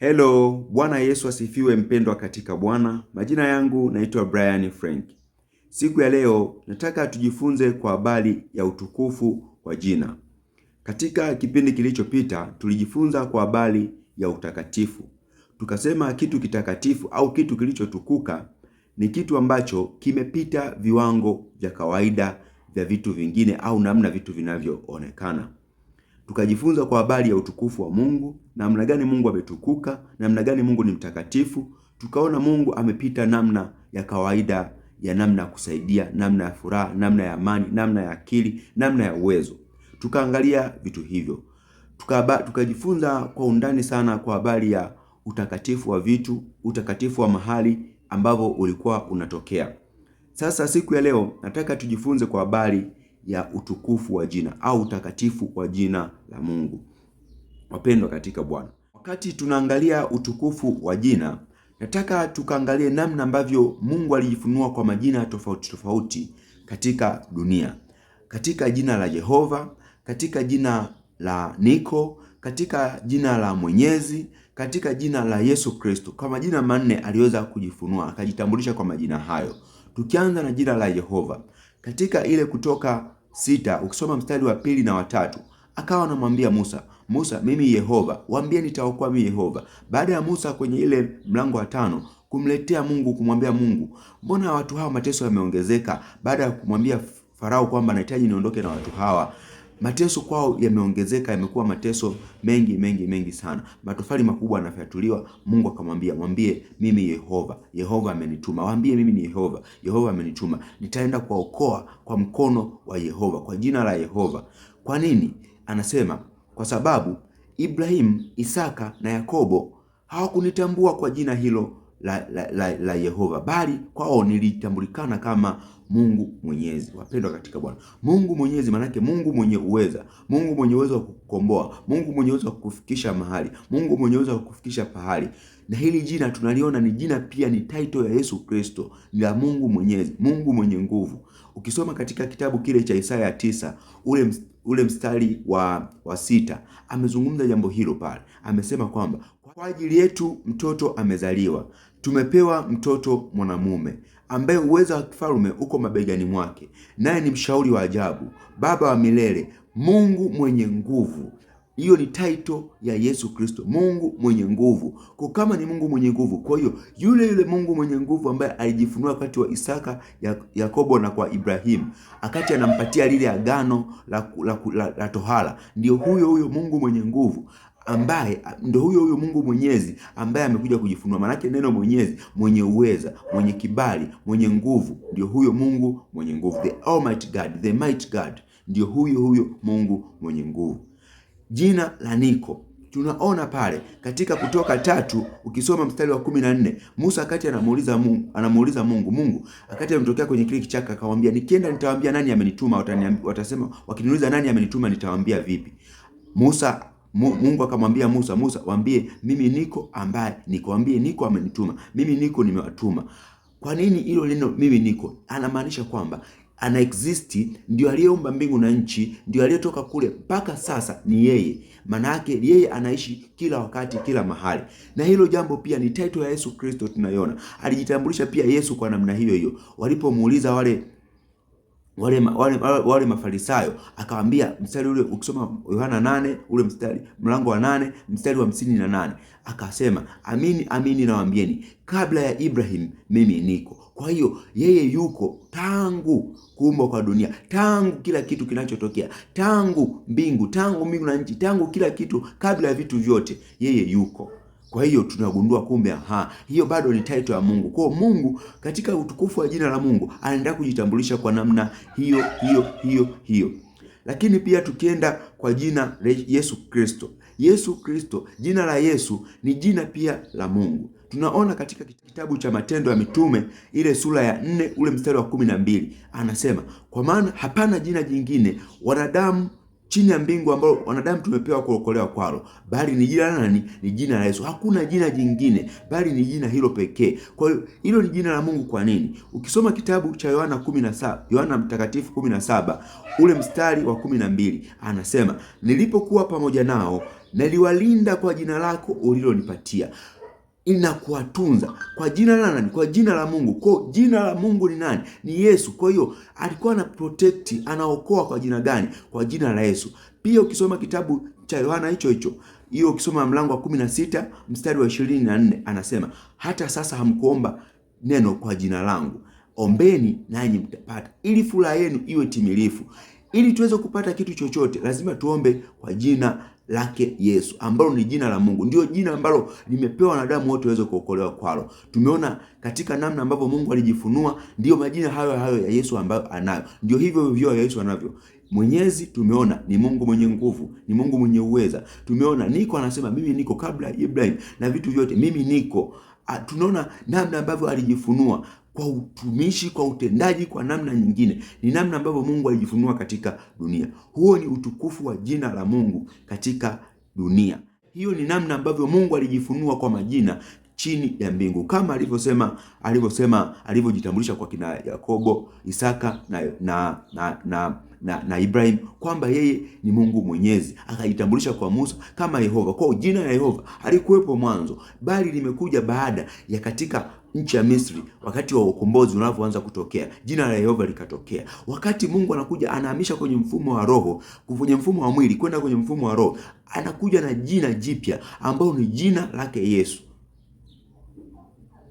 Hello, Bwana Yesu asifiwe mpendwa katika Bwana. Majina yangu naitwa Brian Frank. Siku ya leo nataka tujifunze kwa habari ya utukufu wa jina. Katika kipindi kilichopita tulijifunza kwa habari ya utakatifu. Tukasema kitu kitakatifu au kitu kilichotukuka ni kitu ambacho kimepita viwango vya kawaida vya vitu vingine au namna vitu vinavyoonekana tukajifunza kwa habari ya utukufu wa Mungu, namna gani Mungu ametukuka, namna gani Mungu ni mtakatifu. Tukaona Mungu amepita namna ya kawaida ya namna ya kusaidia, namna ya furaha, namna ya amani, namna ya akili, namna ya uwezo. Tukaangalia vitu hivyo, tukajifunza tuka kwa undani sana kwa habari ya utakatifu wa vitu, utakatifu wa mahali ambavyo ulikuwa unatokea. Sasa siku ya leo nataka tujifunze kwa habari ya utukufu wa jina au utakatifu wa jina la Mungu. Wapendwa katika Bwana, wakati tunaangalia utukufu wa jina, nataka tukaangalie namna ambavyo Mungu alijifunua kwa majina tofauti tofauti katika dunia, katika jina la Yehova, katika jina la Niko, katika jina la Mwenyezi, katika jina la Yesu Kristo. Kwa majina manne aliweza kujifunua, akajitambulisha kwa majina hayo. Tukianza na jina la Yehova katika ile Kutoka sita ukisoma mstari wa pili na watatu akawa anamwambia Musa, Musa, mimi Yehova, waambie nitaokoa mimi Yehova. Baada ya Musa kwenye ile mlango wa tano kumletea Mungu kumwambia Mungu, mbona watu hawa mateso yameongezeka? Baada ya kumwambia Farao kwamba nahitaji niondoke na watu hawa Mateso kwao yameongezeka, yamekuwa mateso mengi mengi mengi sana, matofali makubwa yanafyatuliwa. Mungu akamwambia, mwambie mimi Yehova, Yehova amenituma. Waambie mimi ni Yehova, Yehova amenituma, nitaenda kuwaokoa kwa mkono wa Yehova, kwa jina la Yehova. Kwa nini anasema? Kwa sababu Ibrahimu, Isaka na Yakobo hawakunitambua kwa jina hilo la, la, la, la Yehova, bali kwao nilitambulikana kama Mungu Mwenyezi. Wapendwa katika Bwana, Mungu Mwenyezi maanake Mungu mwenye uweza, Mungu mwenye uwezo wa kukomboa, Mungu mwenye uwezo wa kukufikisha mahali, Mungu mwenye uwezo wa kukufikisha pahali. Na hili jina tunaliona ni jina pia, ni title ya Yesu Kristo, la Mungu Mwenyezi, Mungu mwenye nguvu. Ukisoma katika kitabu kile cha Isaya tisa ule ule mstari wa, wa sita amezungumza jambo hilo pale, amesema kwamba kwa ajili yetu mtoto amezaliwa Tumepewa mtoto mwanamume ambaye uwezo wa kifalme uko mabegani mwake, naye ni mshauri wa ajabu, baba wa milele, Mungu mwenye nguvu. Hiyo ni taito ya Yesu Kristo, Mungu mwenye nguvu. Kwa kama ni Mungu mwenye nguvu, kwa hiyo yule yule Mungu mwenye nguvu ambaye alijifunua wakati wa Isaka, Yakobo na kwa Ibrahimu, akati anampatia lile agano la, la, la, la tohara, ndio huyo huyo Mungu mwenye nguvu ambaye ndo huyo huyo Mungu Mwenyezi ambaye amekuja kujifunua. Maanake neno Mwenyezi, mwenye uweza, mwenye kibali, mwenye nguvu, ndio huyo Mungu mwenye nguvu, the Almighty God, the Might God, ndio huyo huyo Mungu mwenye nguvu. Jina la Niko tunaona pale katika Kutoka tatu ukisoma mstari wa kumi na nne Musa akati anamuuliza Mungu, anamuuliza Mungu, Mungu akati anamtokea kwenye kile kichaka akamwambia, nikienda nitawaambia nani amenituma? Watasema wakiniuliza nani amenituma nitawaambia vipi? Musa Mungu akamwambia Musa, Musa waambie mimi niko ambaye nikwambie niko amenituma, mimi niko nimewatuma. Kwa nini hilo neno mimi niko? Anamaanisha kwamba ana exist ndio aliyeumba mbingu na nchi, ndio aliyetoka kule mpaka sasa ni yeye. Maana yake yeye anaishi kila wakati, kila mahali, na hilo jambo pia ni title ya Yesu Kristo. Tunaiona alijitambulisha pia Yesu kwa namna hiyo hiyo, walipomuuliza wale wale, wale, wale Mafarisayo akawaambia, mstari ule ukisoma Yohana nane ule mstari mlango wa nane mstari wa hamsini na nane akasema, amini amini nawaambieni, kabla ya Ibrahim mimi niko. Kwa hiyo yeye yuko tangu kuumbwa kwa dunia, tangu kila kitu kinachotokea, tangu mbingu, tangu mbingu na nchi, tangu kila kitu, kabla ya vitu vyote, yeye yuko. Kwa hiyo tunagundua kumbe, aha, hiyo bado ni title ya Mungu. Kwa Mungu katika utukufu wa jina la Mungu anaenda kujitambulisha kwa namna hiyo hiyo hiyo hiyo. Lakini pia tukienda kwa jina Yesu Kristo, Yesu Kristo, jina la Yesu ni jina pia la Mungu. Tunaona katika kitabu cha Matendo ya Mitume ile sura ya nne ule mstari wa kumi na mbili anasema, kwa maana hapana jina jingine wanadamu chini ya mbingu ambalo wanadamu tumepewa kuokolewa kwalo, bali ni jina nani? Ni jina la Yesu. Hakuna jina jingine, bali ni jina hilo pekee. Kwa hiyo hilo ni jina la Mungu. Kwa nini? Ukisoma kitabu cha Yohana 17, Yohana Mtakatifu 17 ule mstari wa 12 anasema, nilipokuwa pamoja nao naliwalinda kwa jina lako ulilonipatia inakuwatunza kwa jina la nani? Kwa jina la Mungu. Kwa jina la Mungu ni nani? Ni Yesu. Kwa hiyo alikuwa ana protect, anaokoa kwa jina gani? Kwa jina la Yesu. Pia ukisoma kitabu cha Yohana hicho hicho hiyo, ukisoma mlango wa 16 mstari wa 24 anasema hata sasa hamkuomba neno kwa jina langu, ombeni nanyi mtapata, ili furaha yenu iwe timilifu. Ili tuweze kupata kitu chochote, lazima tuombe kwa jina lake Yesu ambalo ni jina la Mungu, ndio jina ambalo limepewa wanadamu wote waweze kuokolewa kwalo. Tumeona katika namna ambavyo Mungu alijifunua, ndiyo majina hayo hayo ya Yesu ambayo anayo, ndio hivyo hivyo ya Yesu anavyo. Mwenyezi tumeona ni Mungu mwenye nguvu, ni Mungu mwenye uweza. Tumeona niko anasema mimi niko kabla ya Ibrahim na vitu vyote, mimi niko Ah, tunaona namna ambavyo alijifunua kwa utumishi, kwa utendaji, kwa namna nyingine. Ni namna ambavyo Mungu alijifunua katika dunia. Huo ni utukufu wa jina la Mungu katika dunia. Hiyo ni namna ambavyo Mungu alijifunua kwa majina chini ya mbingu kama alivyosema alivyosema alivyojitambulisha kwa kina Yakobo, Isaka na, na, na, na, na, na Ibrahim kwamba yeye ni Mungu mwenyezi. Akajitambulisha kwa Musa kama Yehova, kwa jina la Yehova alikuwepo mwanzo, bali limekuja baada ya katika nchi ya Misri wakati wa ukombozi unavyoanza kutokea, jina la Yehova likatokea. Wakati Mungu anakuja anahamisha kwenye mfumo wa roho, kwenye mfumo wa mwili kwenda kwenye mfumo wa roho, anakuja na jina jipya ambalo ni jina lake Yesu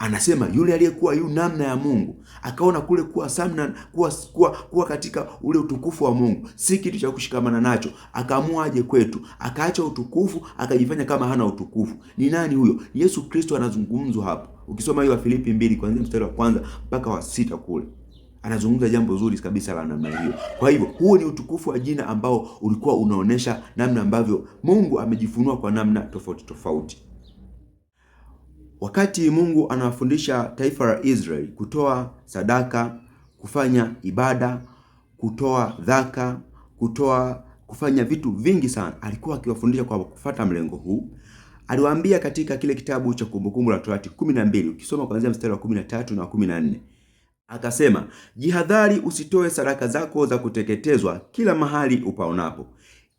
anasema yule aliyekuwa yu namna ya Mungu akaona kule kuwa samna, kuwa, kuwa, kuwa katika ule utukufu wa Mungu si kitu cha kushikamana nacho, akaamua aje kwetu, akaacha utukufu, akajifanya kama hana utukufu. Ni nani huyo? Yesu Kristo anazungumzwa hapo. Ukisoma hiyo Wafilipi mbili kuanzia mstari wa kwanza mpaka wa sita kule anazungumza jambo zuri kabisa la namna hiyo. Kwa hivyo huo ni utukufu wa jina ambao ulikuwa unaonesha namna ambavyo Mungu amejifunua kwa namna tofauti tofauti. Wakati Mungu anawafundisha taifa la Israeli kutoa sadaka, kufanya ibada, kutoa dhaka, kutoa kufanya vitu vingi sana, alikuwa akiwafundisha kwa kufata mlengo huu. Aliwaambia katika kile kitabu cha Kumbukumbu la Torati 12 ukisoma kuanzia mstari wa 13 na 14, akasema, jihadhari usitoe sadaka zako za kuteketezwa kila mahali upaonapo,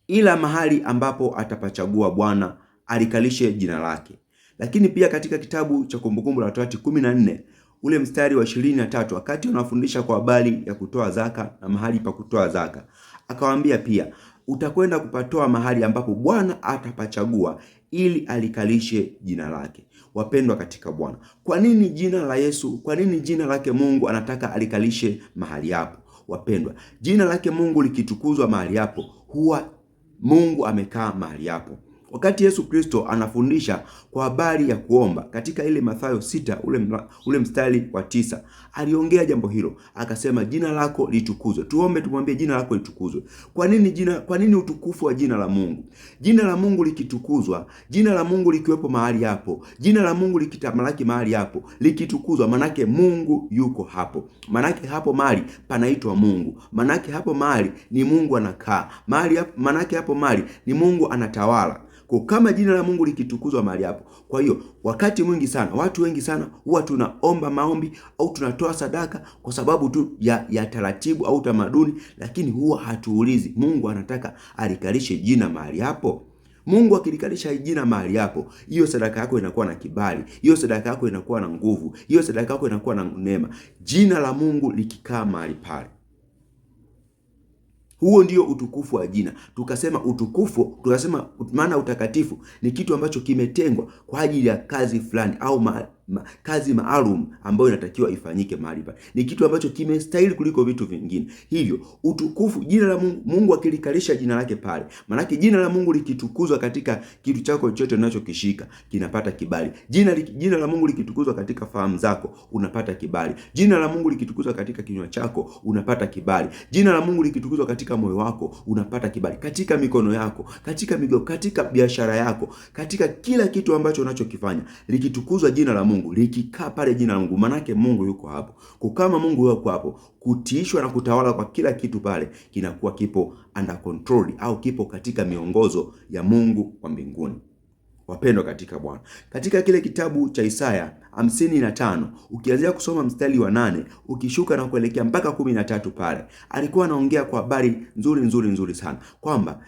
ila mahali ambapo atapachagua Bwana alikalishe jina lake lakini pia katika kitabu cha Kumbukumbu la Torati 14 ule mstari wa 23, wakati anawafundisha kwa habari ya kutoa zaka na mahali pa kutoa zaka, akawaambia pia, utakwenda kupatoa mahali ambapo Bwana atapachagua ili alikalishe jina lake. Wapendwa katika Bwana, kwa nini jina la Yesu, kwa nini jina lake Mungu anataka alikalishe mahali hapo? Wapendwa, jina lake Mungu likitukuzwa mahali hapo, huwa Mungu amekaa mahali hapo. Wakati Yesu Kristo anafundisha kwa habari ya kuomba katika ile Mathayo sita ule, mla, ule mstari wa tisa aliongea jambo hilo akasema, jina lako litukuzwe. Tuombe tumwambie jina lako litukuzwe. Kwa nini jina, kwa nini utukufu wa jina la Mungu? Jina la Mungu likitukuzwa, jina la Mungu likiwepo mahali hapo, jina la Mungu likitamalaki mahali hapo, likitukuzwa, manake Mungu yuko hapo, manake hapo mahali panaitwa Mungu, manake hapo mahali ni Mungu anakaa mahali, manake hapo mahali ni Mungu anatawala. Kwa kama jina la Mungu likitukuzwa mahali hapo. Kwa hiyo wakati mwingi sana, watu wengi sana huwa tunaomba maombi au tunatoa sadaka kwa sababu tu ya, ya taratibu au tamaduni, lakini huwa hatuulizi Mungu anataka alikalishe jina mahali hapo. Mungu akilikalisha jina mahali hapo, hiyo sadaka yako inakuwa na kibali, hiyo sadaka yako inakuwa na nguvu, hiyo sadaka yako inakuwa na neema, jina la Mungu likikaa mahali pale. Huo ndio utukufu wa jina. Tukasema utukufu, tukasema maana utakatifu ni kitu ambacho kimetengwa kwa ajili ya kazi fulani au ma ma, kazi maalum ambayo inatakiwa ifanyike mahali pale. Ni kitu ambacho kimestahili kuliko vitu vingine. Hivyo utukufu, jina la Mungu, Mungu akilikalisha jina lake pale, maanake jina la Mungu likitukuzwa katika kitu chako chochote unachokishika kinapata kibali. Jina, jina la Mungu likitukuzwa katika fahamu zako unapata kibali. Jina la Mungu likitukuzwa katika kinywa chako unapata kibali. Jina la Mungu likitukuzwa katika moyo wako unapata kibali, katika mikono yako, katika migo, katika biashara yako, katika kila kitu ambacho unachokifanya likitukuzwa jina la Mungu Mungu likikaa pale jina la Mungu, manake Mungu yuko hapo. Kama Mungu yuko hapo, kutiishwa na kutawala kwa kila kitu pale kinakuwa kipo under control au kipo katika miongozo ya Mungu wa mbinguni. Wapendwa katika Bwana, katika kile kitabu cha Isaya hamsini na tano ukianzia kusoma mstari wa nane ukishuka na kuelekea mpaka kumi na tatu pale alikuwa anaongea kwa habari nzuri nzuri nzuri sana kwamba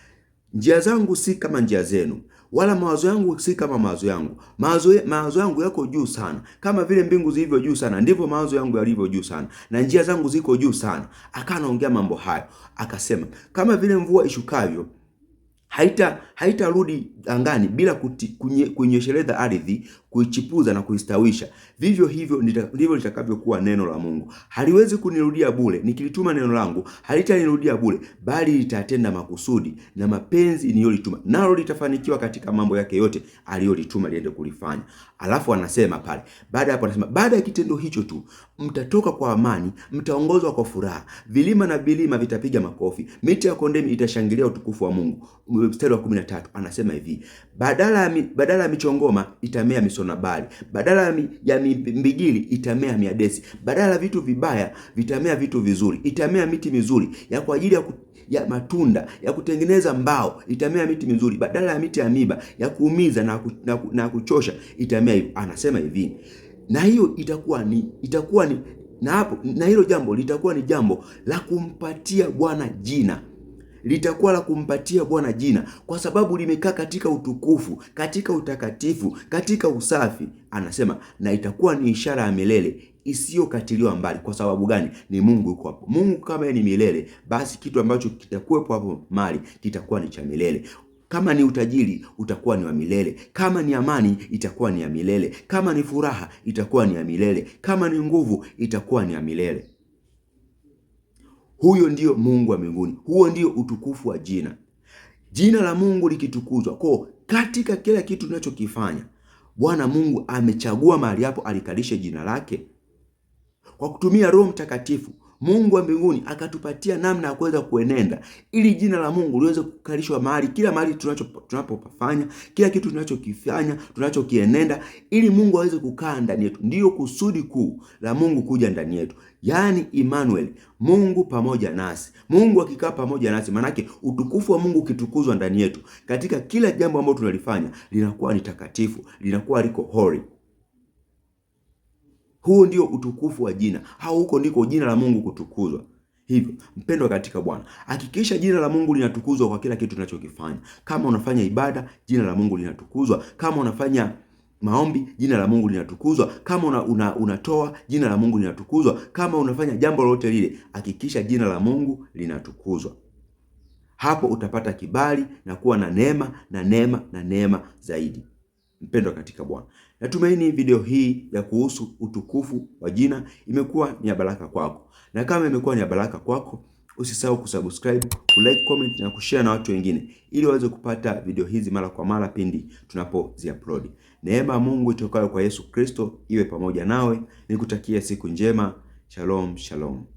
njia zangu si kama njia zenu, wala mawazo yangu si kama mawazo yangu. Mawazo mawazo yangu yako juu sana, kama vile mbingu zilivyo juu sana, ndivyo mawazo yangu yalivyo juu sana, na njia zangu ziko juu sana. Akaanaongea mambo hayo, akasema kama vile mvua ishukavyo haita haitarudi angani bila kuinyeshereza ardhi, kuichipuza na kuistawisha. Vivyo hivyo ndivyo litakavyokuwa neno la Mungu. Haliwezi kunirudia bure, nikilituma neno langu halitanirudia bure, bali litatenda makusudi na mapenzi niliyolituma, nalo litafanikiwa katika mambo yake yote aliyolituma liende kulifanya. Alafu anasema pale, baada hapo anasema, baada ya kitendo hicho tu mtatoka kwa amani, mtaongozwa kwa furaha, vilima na vilima vitapiga makofi, miti ya kondeni itashangilia utukufu wa Mungu ule mstari wa tatu anasema hivi, badala badala ya michongoma itamea misonabari, badala ya mbigili itamea miadesi, badala ya vitu vibaya vitamea vitu vizuri, itamea miti mizuri ya kwa ajili ya ku, ya matunda ya kutengeneza mbao, itamea miti mizuri, badala ya miti ya miba ya kuumiza na, ku, na, ku, na kuchosha itamea hivyo. Anasema hivi, na hiyo itakuwa ni itakuwa ni na hapo, na hilo jambo litakuwa ni jambo la kumpatia Bwana jina litakuwa la kumpatia Bwana jina, kwa sababu limekaa katika utukufu, katika utakatifu, katika usafi. Anasema na itakuwa ni ishara ya milele isiyokatiliwa mbali. Kwa sababu gani? Ni Mungu yuko hapo. Mungu kama ni milele, basi kitu ambacho kitakuwepo hapo mali kitakuwa ni cha milele. Kama ni utajiri utakuwa ni wa milele, kama ni amani itakuwa ni ya milele, kama ni furaha itakuwa ni ya milele, kama ni nguvu itakuwa ni ya milele. Huyo ndio Mungu wa mbinguni, huo ndio utukufu wa jina, jina la Mungu likitukuzwa. Kwa katika kila kitu tunachokifanya, Bwana Mungu amechagua mahali hapo alikalishe jina lake kwa kutumia Roho Mtakatifu. Mungu wa mbinguni akatupatia namna ya kuweza kuenenda ili jina la Mungu liweze kukalishwa mahali kila mahali tunapofanya kila kitu tunachokifanya, tunachokienenda, ili Mungu aweze kukaa ndani yetu. Ndiyo kusudi kuu la Mungu kuja ndani yetu, yaani Emmanuel, Mungu pamoja nasi. Mungu akikaa pamoja nasi, maanake utukufu wa Mungu ukitukuzwa ndani yetu, katika kila jambo ambalo tunalifanya linakuwa ni takatifu, linakuwa liko holy. Huu ndio utukufu wa jina, au huko ndiko jina la Mungu kutukuzwa. Hivyo mpendwa katika Bwana, hakikisha jina la Mungu linatukuzwa kwa kila kitu tunachokifanya. Kama unafanya ibada, jina la Mungu linatukuzwa. Kama unafanya maombi, jina la Mungu linatukuzwa. Kama una, una, unatoa, jina la Mungu linatukuzwa. Kama unafanya jambo lolote lile, hakikisha jina la Mungu linatukuzwa. Hapo utapata kibali na kuwa na neema na neema na neema zaidi. Mpendwa katika Bwana. Natumaini video hii ya kuhusu utukufu wa jina imekuwa ni ya baraka kwako, na kama imekuwa ni ya baraka kwako, usisahau kusubscribe, kulike, comment na kushare na watu wengine, ili waweze kupata video hizi mara kwa mara pindi tunapoziupload. Neema ya Mungu itokayo kwa Yesu Kristo iwe pamoja nawe. Nikutakia siku njema. Shalom, shalom.